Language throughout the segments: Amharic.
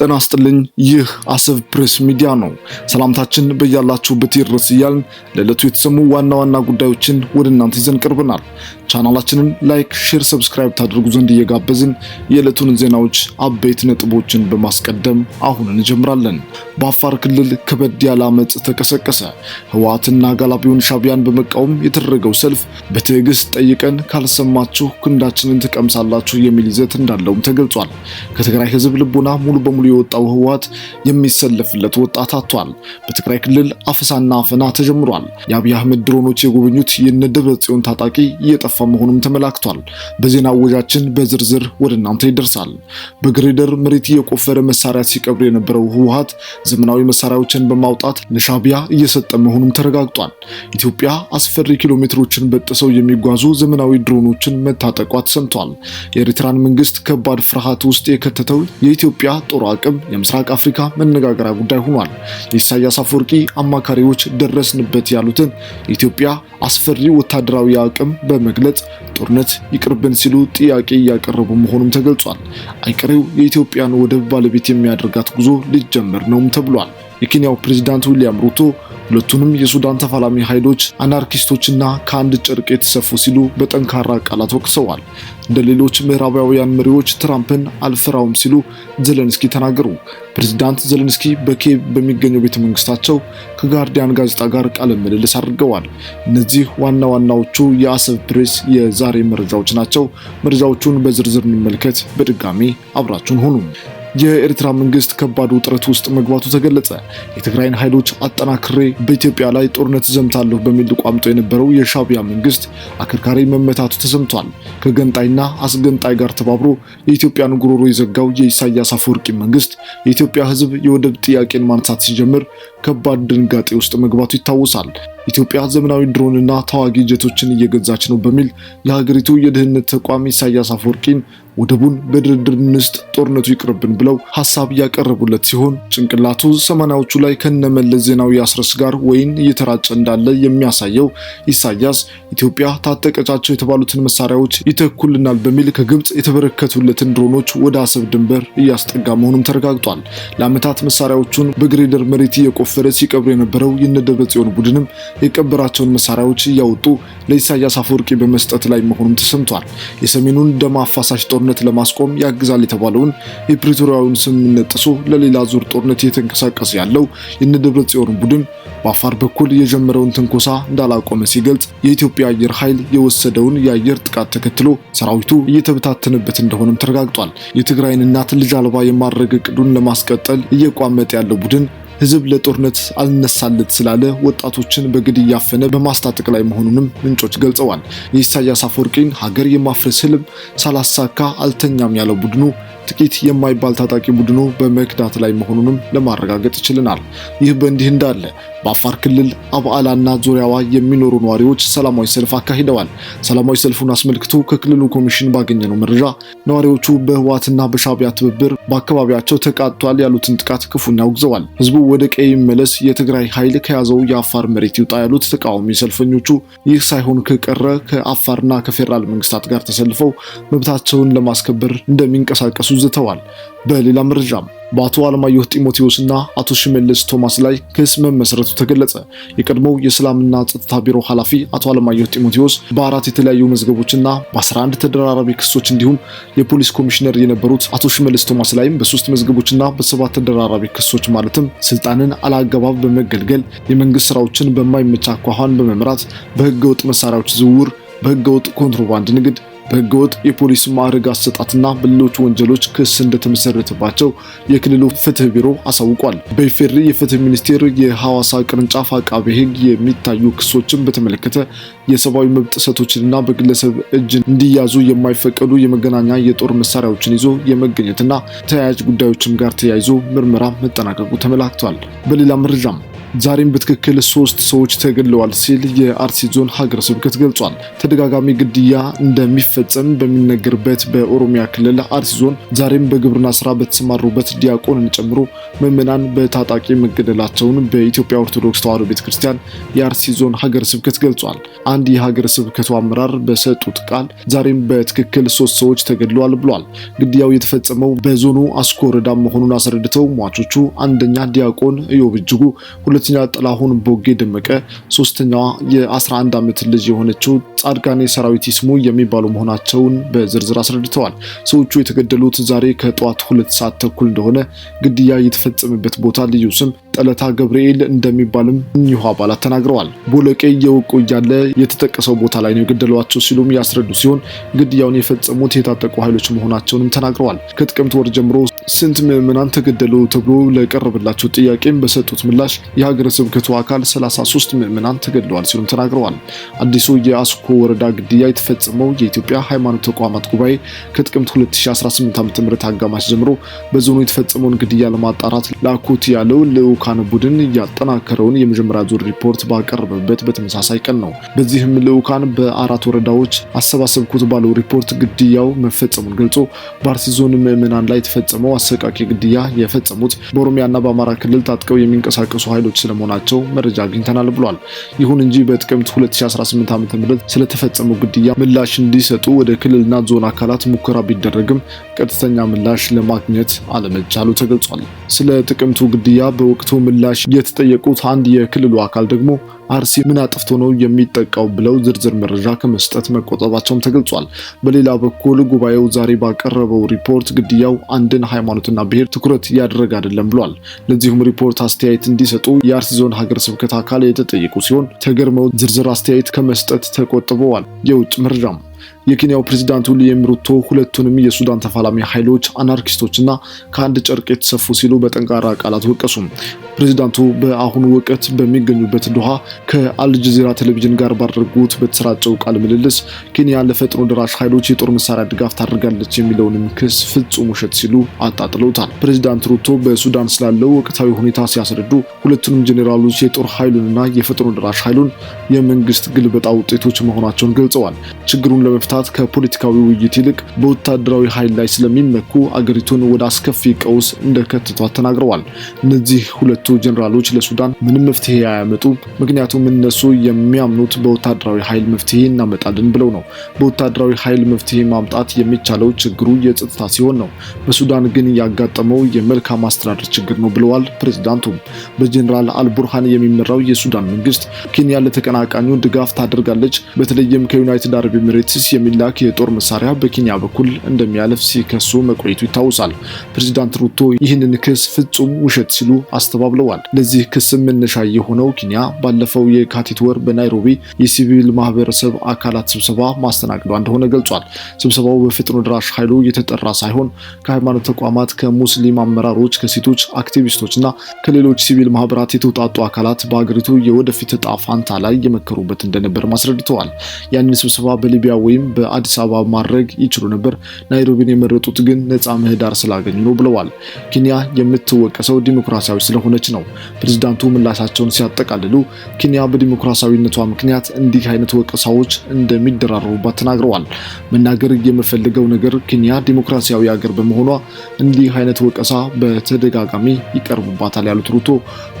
ጤና ይስጥልኝ። ይህ አሰብ ፕሬስ ሚዲያ ነው። ሰላምታችን በያላችሁበት ይድረስ እያልን ለዕለቱ የተሰሙ ዋና ዋና ጉዳዮችን ወደ እናንተ ይዘን ቀርበናል። ቻናላችንን ላይክ፣ ሼር፣ ሰብስክራይብ ታደርጉ ዘንድ እየጋበዝን የዕለቱን ዜናዎች አበይት ነጥቦችን በማስቀደም አሁን እንጀምራለን። በአፋር ክልል ከበድ ያለ አመፅ ተቀሰቀሰ። ህወሓትና ጋላቢውን ሻቢያን በመቃወም የተደረገው ሰልፍ በትዕግስት ጠይቀን ካልሰማችሁ ክንዳችንን ትቀምሳላችሁ የሚል ይዘት እንዳለውም ተገልጿል። ከትግራይ ህዝብ ልቦና ሙሉ በሙሉ የወጣው ህወሓት የሚሰለፍለት ወጣት አጥቷል። በትግራይ ክልል አፈሳና አፈና ተጀምሯል። የአብይ አህመድ ድሮኖች የጎበኙት የነ ደብረ ጽዮን ታጣቂ እየጠፋ መሆኑም ተመላክቷል። በዜና ወጃችን በዝርዝር ወደ እናንተ ይደርሳል። በግሬደር መሬት እየቆፈረ መሳሪያ ሲቀብር የነበረው ህወሀት ዘመናዊ መሳሪያዎችን በማውጣት ለሻቢያ እየሰጠ መሆኑም ተረጋግጧል። ኢትዮጵያ አስፈሪ ኪሎ ሜትሮችን በጥሰው የሚጓዙ ዘመናዊ ድሮኖችን መታጠቋ ተሰምቷል። የኤርትራን መንግስት ከባድ ፍርሃት ውስጥ የከተተው የኢትዮጵያ ጦር አቅም የምስራቅ አፍሪካ መነጋገሪያ ጉዳይ ሆኗል። የኢሳያስ አፈወርቂ አማካሪዎች ደረስንበት ያሉትን የኢትዮጵያ አስፈሪ ወታደራዊ አቅም በመግለጽ በማጋለጥ ጦርነት ይቅርብን ሲሉ ጥያቄ እያቀረቡ መሆኑም ተገልጿል። አይቀሬው የኢትዮጵያን ወደብ ባለቤት የሚያደርጋት ጉዞ ሊጀመር ነውም ተብሏል። የኬንያው ፕሬዚዳንት ዊሊያም ሩቶ ሁለቱንም የሱዳን ተፋላሚ ኃይሎች አናርኪስቶችና ከአንድ ጨርቅ የተሰፉ ሲሉ በጠንካራ ቃላት ወቅሰዋል። እንደ ሌሎች ምዕራባውያን መሪዎች ትራምፕን አልፈራውም ሲሉ ዘለንስኪ ተናገሩ። ፕሬዚዳንት ዘለንስኪ በኬቭ በሚገኘው ቤተ መንግስታቸው ከጋርዲያን ጋዜጣ ጋር ቃለ ምልልስ አድርገዋል። እነዚህ ዋና ዋናዎቹ የአሰብ ፕሬስ የዛሬ መረጃዎች ናቸው። መረጃዎቹን በዝርዝር እንመልከት። በድጋሚ አብራችሁን ሆኑ። የኤርትራ መንግስት ከባድ ውጥረት ውስጥ መግባቱ ተገለጸ። የትግራይን ኃይሎች አጠናክሬ በኢትዮጵያ ላይ ጦርነት ዘምታለሁ በሚል ቋምጦ የነበረው የሻቢያ መንግስት አከርካሪ መመታቱ ተሰምቷል። ከገንጣይና አስገንጣይ ጋር ተባብሮ የኢትዮጵያን ጉሮሮ የዘጋው የኢሳያስ አፈወርቂ መንግስት የኢትዮጵያ ሕዝብ የወደብ ጥያቄን ማንሳት ሲጀምር ከባድ ድንጋጤ ውስጥ መግባቱ ይታወሳል። ኢትዮጵያ ዘመናዊ ድሮንና ተዋጊ ጀቶችን እየገዛች ነው በሚል የሀገሪቱ የደህንነት ተቋም ኢሳያስ አፈወርቂን ወደቡን በድርድር ውስጥ ጦርነቱ ይቅርብን ብለው ሀሳብ ያቀረቡለት ሲሆን ጭንቅላቱ ሰማንያዎቹ ላይ ከነመለስ ዜናዊ አስረስ ጋር ወይን እየተራጨ እንዳለ የሚያሳየው ኢሳያስ ኢትዮጵያ ታጠቀቻቸው የተባሉትን መሳሪያዎች ይተኩልናል በሚል ከግብፅ የተበረከቱለትን ድሮኖች ወደ አሰብ ድንበር እያስጠጋ መሆኑም ተረጋግጧል። ለዓመታት መሳሪያዎቹን በግሬደር መሬት እየቆፈረ ሲቀብር የነበረው የነደብረ ጽዮን ቡድንም የቀበራቸውን መሳሪያዎች እያወጡ ለኢሳያስ አፈወርቂ በመስጠት ላይ መሆኑም ተሰምቷል። የሰሜኑን ደም አፋሳሽ ጦርነት ለማስቆም ያግዛል የተባለውን የፕሪቶሪያውን ስምምነት ጥሶ ለሌላ ዙር ጦርነት እየተንቀሳቀሰ ያለው የነደብረ ጽዮን ቡድን በአፋር በኩል የጀመረውን ትንኮሳ እንዳላቆመ ሲገልጽ የኢትዮጵያ አየር ኃይል የወሰደውን የአየር ጥቃት ተከትሎ ሰራዊቱ እየተበታተነበት እንደሆነም ተረጋግጧል። የትግራይን እናት ልጅ አልባ የማድረግ እቅዱን ለማስቀጠል እየቋመጠ ያለው ቡድን ህዝብ ለጦርነት አልነሳለት ስላለ ወጣቶችን በግድ እያፈነ በማስታጠቅ ላይ መሆኑንም ምንጮች ገልጸዋል። የኢሳያስ አፈወርቂን ሀገር የማፍረስ ህልም ሳላሳካ አልተኛም ያለው ቡድኑ ጥቂት የማይባል ታጣቂ ቡድኑ በመክዳት ላይ መሆኑንም ለማረጋገጥ ይችልናል። ይህ በእንዲህ እንዳለ በአፋር ክልል አብዓላና ዙሪያዋ የሚኖሩ ነዋሪዎች ሰላማዊ ሰልፍ አካሂደዋል። ሰላማዊ ሰልፉን አስመልክቶ ከክልሉ ኮሚሽን ባገኘነው መረጃ ነዋሪዎቹ በህወሓትና በሻቢያ ትብብር በአካባቢያቸው ተቃጥቷል ያሉትን ጥቃት ክፉኛ አውግዘዋል። ህዝቡ ወደ ቀይ መለስ የትግራይ ኃይል ከያዘው የአፋር መሬት ይውጣ ያሉት ተቃዋሚ ሰልፈኞቹ ይህ ሳይሆን ከቀረ ከአፋርና ከፌዴራል መንግስታት ጋር ተሰልፈው መብታቸውን ለማስከበር እንደሚንቀሳቀሱ ዝተዋል። በሌላ መረጃም በአቶ አለማየሁ ጢሞቴዎስና አቶ ሽመልስ ቶማስ ላይ ክስ መመስረቱ ተገለጸ። የቀድሞው የሰላምና ጸጥታ ቢሮ ኃላፊ አቶ አለማየሁ ጢሞቴዎስ በአራት የተለያዩ መዝገቦችና በ11 ተደራራቢ ክሶች እንዲሁም የፖሊስ ኮሚሽነር የነበሩት አቶ ሽመልስ ቶማስ ላይም በሶስት መዝገቦችና በሰባት ተደራራቢ ክሶች ማለትም ስልጣንን አላገባብ በመገልገል የመንግስት ስራዎችን በማይመች አኳኋን በመምራት በህገወጥ መሳሪያዎች ዝውውር፣ በህገወጥ ኮንትሮባንድ ንግድ በህገወጥ የፖሊስ ማዕረግ አሰጣትና በሌሎች ወንጀሎች ክስ እንደተመሰረተባቸው የክልሉ ፍትህ ቢሮ አሳውቋል። በኢፌዴሪ የፍትህ ሚኒስቴር የሐዋሳ ቅርንጫፍ አቃቤ ህግ የሚታዩ ክሶችን በተመለከተ የሰብአዊ መብት ጥሰቶችንና በግለሰብ እጅ እንዲያዙ የማይፈቀዱ የመገናኛ የጦር መሳሪያዎችን ይዞ የመገኘትና ተያያዥ ጉዳዮችም ጋር ተያይዞ ምርመራ መጠናቀቁ ተመላክቷል። በሌላ መረጃም ዛሬም በትክክል ሶስት ሰዎች ተገድለዋል ሲል የአርሲ ዞን ሀገረ ስብከት ገልጿል። ተደጋጋሚ ግድያ እንደሚፈጸም በሚነገርበት በኦሮሚያ ክልል አርሲ ዞን ዛሬም በግብርና ስራ በተሰማሩበት ዲያቆንን ጨምሮ ምዕመናን በታጣቂ መገደላቸውን በኢትዮጵያ ኦርቶዶክስ ተዋሕዶ ቤተ ክርስቲያን የአርሲ ዞን ሀገረ ስብከት ገልጿል። አንድ የሀገረ ስብከቱ አመራር በሰጡት ቃል ዛሬም በትክክል ሶስት ሰዎች ተገድለዋል ብሏል። ግድያው የተፈጸመው በዞኑ አስኮ ወረዳ መሆኑን አስረድተው ሟቾቹ አንደኛ ዲያቆን እዮብ እጅጉ ሁለተኛው ጥላሁን ቦጌ ደመቀ፣ ሶስተኛዋ የ11 ዓመት ልጅ የሆነችው ጻድቃኔ ሰራዊት ይስሙ የሚባሉ መሆናቸውን በዝርዝር አስረድተዋል። ሰዎቹ የተገደሉት ዛሬ ከጠዋት ሁለት ሰዓት ተኩል እንደሆነ ግድያ የተፈጸመበት ቦታ ልዩ ስም ጠለታ ገብርኤል እንደሚባልም እኚሁ አባላት ተናግረዋል። ቦለቄ እየወቁ እያለ የተጠቀሰው ቦታ ላይ ነው የገደሏቸው ሲሉም ያስረዱ ሲሆን ግድያውን የፈጸሙት የታጠቁ ኃይሎች መሆናቸውንም ተናግረዋል። ከጥቅምት ወር ጀምሮ ስንት ምዕመናን ተገደሉ ተብሎ ለቀረበላቸው ጥያቄም በሰጡት ምላሽ የሀገረ ስብከቱ አካል 33 ምዕመናን ተገድለዋል ሲሉም ተናግረዋል። አዲሱ የአስኮ ወረዳ ግድያ የተፈጸመው የኢትዮጵያ ሃይማኖት ተቋማት ጉባኤ ከጥቅምት 2018 ም አጋማሽ ጀምሮ በዞኑ የተፈጸመውን ግድያ ለማጣራት ላኩት ያለው ልዑካ የልዑካን ቡድን ያጠናከረውን የመጀመሪያ ዙር ሪፖርት ባቀረበበት በተመሳሳይ ቀን ነው። በዚህም ልዑካን በአራት ወረዳዎች አሰባሰብኩት ባለው ሪፖርት ግድያው መፈጸሙን ገልጾ በአርሲ ዞን ምዕመናን ላይ የተፈጸመው አሰቃቂ ግድያ የፈጸሙት በኦሮሚያና በአማራ ክልል ታጥቀው የሚንቀሳቀሱ ኃይሎች ስለመሆናቸው መረጃ አግኝተናል ብሏል። ይሁን እንጂ በጥቅምት 2018 ም ስለተፈጸመው ግድያ ምላሽ እንዲሰጡ ወደ ክልልና ዞን አካላት ሙከራ ቢደረግም ቀጥተኛ ምላሽ ለማግኘት አለመቻሉ ተገልጿል። ስለ ጥቅምቱ ግድያ በወቅቱ አቶ ምላሽ የተጠየቁት አንድ የክልሉ አካል ደግሞ አርሲ ምን አጥፍቶ ነው የሚጠቃው ብለው ዝርዝር መረጃ ከመስጠት መቆጠባቸውም ተገልጿል። በሌላ በኩል ጉባኤው ዛሬ ባቀረበው ሪፖርት ግድያው አንድን ሃይማኖትና ብሔር ትኩረት እያደረገ አይደለም ብሏል። ለዚሁም ሪፖርት አስተያየት እንዲሰጡ የአርሲ ዞን ሀገረ ስብከት አካል የተጠየቁ ሲሆን ተገርመው ዝርዝር አስተያየት ከመስጠት ተቆጥበዋል። የውጭ መረጃም የኬንያው ፕሬዚዳንት ዊልየም ሩቶ ሁለቱንም የሱዳን ተፋላሚ ኃይሎች አናርኪስቶችና ከአንድ ጨርቅ የተሰፉ ሲሉ በጠንካራ ቃላት ወቀሱ። ፕሬዚዳንቱ በአሁኑ ወቅት በሚገኙበት ዶሃ ከአልጀዚራ ቴሌቪዥን ጋር ባደረጉት በተሰራጨው ቃለ ምልልስ ኬንያ ለፈጥኖ ደራሽ ኃይሎች የጦር መሳሪያ ድጋፍ ታደርጋለች የሚለውንም ክስ ፍጹም ውሸት ሲሉ አጣጥለውታል። ፕሬዚዳንት ሩቶ በሱዳን ስላለው ወቅታዊ ሁኔታ ሲያስረዱ ሁለቱንም ጄኔራሎች የጦር ኃይሉንና የፈጥኖ ደራሽ ኃይሉን የመንግስት ግልበጣ ውጤቶች መሆናቸውን ገልጸዋል። ችግሩን ለመፍ መንግስታት ከፖለቲካዊ ውይይት ይልቅ በወታደራዊ ኃይል ላይ ስለሚመኩ አገሪቱን ወደ አስከፊ ቀውስ እንደከትቷት ተናግረዋል። እነዚህ ሁለቱ ጀኔራሎች ለሱዳን ምንም መፍትሄ አያመጡ፣ ምክንያቱም እነሱ የሚያምኑት በወታደራዊ ኃይል መፍትሄ እናመጣለን ብለው ነው። በወታደራዊ ኃይል መፍትሄ ማምጣት የሚቻለው ችግሩ የጸጥታ ሲሆን ነው። በሱዳን ግን ያጋጠመው የመልካም አስተዳደር ችግር ነው ብለዋል ፕሬዚዳንቱ በጀኔራል አልቡርሃን የሚመራው የሱዳን መንግስት ኬንያ ለተቀናቃኙ ድጋፍ ታደርጋለች፣ በተለይም ከዩናይትድ አረብ ኤሚሬትስ የሚላክ የጦር መሳሪያ በኬንያ በኩል እንደሚያለፍ ሲከሱ መቆየቱ ይታወሳል። ፕሬዚዳንት ሩቶ ይህንን ክስ ፍጹም ውሸት ሲሉ አስተባብለዋል። ለዚህ ክስ መነሻ የሆነው ኬንያ ባለፈው የካቲት ወር በናይሮቢ የሲቪል ማህበረሰብ አካላት ስብሰባ ማስተናገዷ እንደሆነ ገልጿል። ስብሰባው በፍጥኖ ድራሽ ኃይሉ የተጠራ ሳይሆን ከሃይማኖት ተቋማት፣ ከሙስሊም አመራሮች፣ ከሴቶች አክቲቪስቶች እና ከሌሎች ሲቪል ማህበራት የተውጣጡ አካላት በሀገሪቱ የወደፊት እጣ ፋንታ ላይ የመከሩበት እንደነበር ማስረድተዋል። ያንን ስብሰባ በሊቢያ ወይም በአዲስ አበባ ማድረግ ይችሉ ነበር፣ ናይሮቢን የመረጡት ግን ነፃ ምህዳር ስላገኙ ነው ብለዋል። ኬንያ የምትወቀሰው ዲሞክራሲያዊ ስለሆነች ነው። ፕሬዚዳንቱ ምላሻቸውን ሲያጠቃልሉ ኬንያ በዲሞክራሲያዊነቷ ምክንያት እንዲህ አይነት ወቀሳዎች እንደሚደራረቡባት ተናግረዋል። መናገር የምፈልገው ነገር ኬንያ ዲሞክራሲያዊ ሀገር በመሆኗ እንዲህ አይነት ወቀሳ በተደጋጋሚ ይቀርቡባታል ያሉት ሩቶ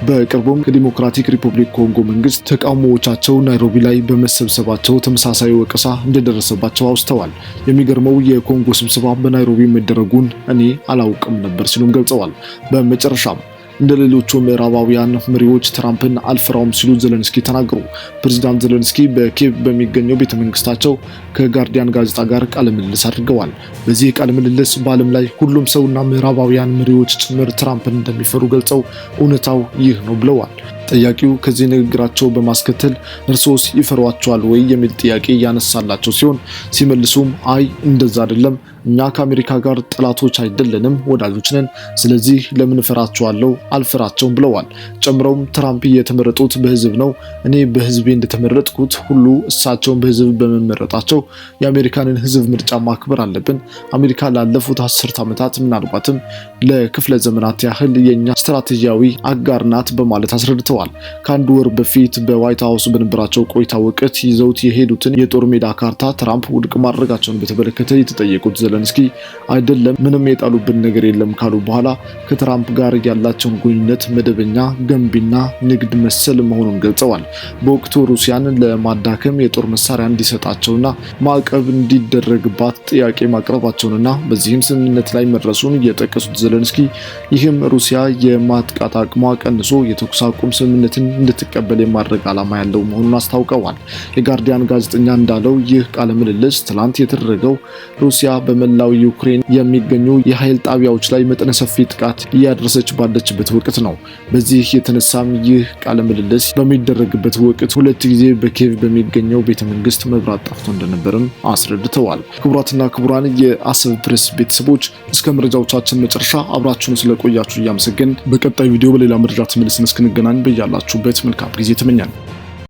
በቅርቡም ከዲሞክራቲክ ሪፐብሊክ ኮንጎ መንግስት ተቃውሞዎቻቸው ናይሮቢ ላይ በመሰብሰባቸው ተመሳሳይ ወቀሳ እንደደረሰ እንዳለባቸው አውስተዋል። የሚገርመው የኮንጎ ስብሰባ በናይሮቢ መደረጉን እኔ አላውቅም ነበር ሲሉም ገልጸዋል። በመጨረሻም እንደ ሌሎቹ ምዕራባውያን መሪዎች ትራምፕን አልፈራውም ሲሉ ዘለንስኪ ተናገሩ። ፕሬዚዳንት ዘለንስኪ በኬብ በሚገኘው ቤተ መንግስታቸው ከጋርዲያን ጋዜጣ ጋር ቃለ ምልልስ አድርገዋል። በዚህ ቃለ ምልልስ በዓለም ላይ ሁሉም ሰውና ምዕራባውያን መሪዎች ጭምር ትራምፕን እንደሚፈሩ ገልጸው እውነታው ይህ ነው ብለዋል። ጠያቂው ከዚህ ንግግራቸው በማስከተል እርሶስ ይፈሯቸዋል ወይ የሚል ጥያቄ ያነሳላቸው ሲሆን ሲመልሱም አይ እንደዛ አይደለም፣ እኛ ከአሜሪካ ጋር ጠላቶች አይደለንም፣ ወዳጆች ነን። ስለዚህ ለምን እፈራቸዋለሁ? አልፈራቸውም ብለዋል። ጨምረውም ትራምፕ የተመረጡት በህዝብ ነው፣ እኔ በህዝቤ እንደተመረጥኩት ሁሉ እሳቸውን በህዝብ በመመረጣቸው የአሜሪካንን ህዝብ ምርጫ ማክበር አለብን። አሜሪካ ላለፉት አስርት ዓመታት ምናልባትም ለክፍለ ዘመናት ያህል የእኛ ስትራቴጂያዊ አጋር ናት በማለት አስረድተዋል። ተናግረዋል። ከአንድ ወር በፊት በዋይት ሀውስ በነበራቸው ቆይታ ወቅት ይዘውት የሄዱትን የጦር ሜዳ ካርታ ትራምፕ ውድቅ ማድረጋቸውን በተመለከተ የተጠየቁት ዘለንስኪ አይደለም ምንም የጣሉብን ነገር የለም ካሉ በኋላ ከትራምፕ ጋር ያላቸውን ግንኙነት መደበኛ፣ ገንቢና ንግድ መሰል መሆኑን ገልጸዋል። በወቅቱ ሩሲያን ለማዳከም የጦር መሳሪያ እንዲሰጣቸውና ማዕቀብ እንዲደረግባት ጥያቄ ማቅረባቸውንና በዚህም ስምምነት ላይ መድረሱን የጠቀሱት ዘለንስኪ ይህም ሩሲያ የማጥቃት አቅሟ ቀንሶ የተኩስ አቁም ስምምነትን እንድትቀበል የማድረግ ዓላማ ያለው መሆኑን አስታውቀዋል። የጋርዲያን ጋዜጠኛ እንዳለው ይህ ቃለ ምልልስ ትላንት የተደረገው ሩሲያ በመላው ዩክሬን የሚገኙ የኃይል ጣቢያዎች ላይ መጠነ ሰፊ ጥቃት እያደረሰች ባለችበት ወቅት ነው። በዚህ የተነሳም ይህ ቃለ ምልልስ በሚደረግበት ወቅት ሁለት ጊዜ በኬቭ በሚገኘው ቤተ መንግስት መብራት ጠፍቶ እንደነበርም አስረድተዋል። ክቡራትና ክቡራን የአሰብ ፕሬስ ቤተሰቦች እስከ መረጃዎቻችን መጨረሻ አብራችሁን ስለቆያችሁ እያመሰገን በቀጣይ ቪዲዮ በሌላ መረጃ ተመልሰን እስክንገናኝ በያላችሁበት መልካም ጊዜ ተመኛለሁ።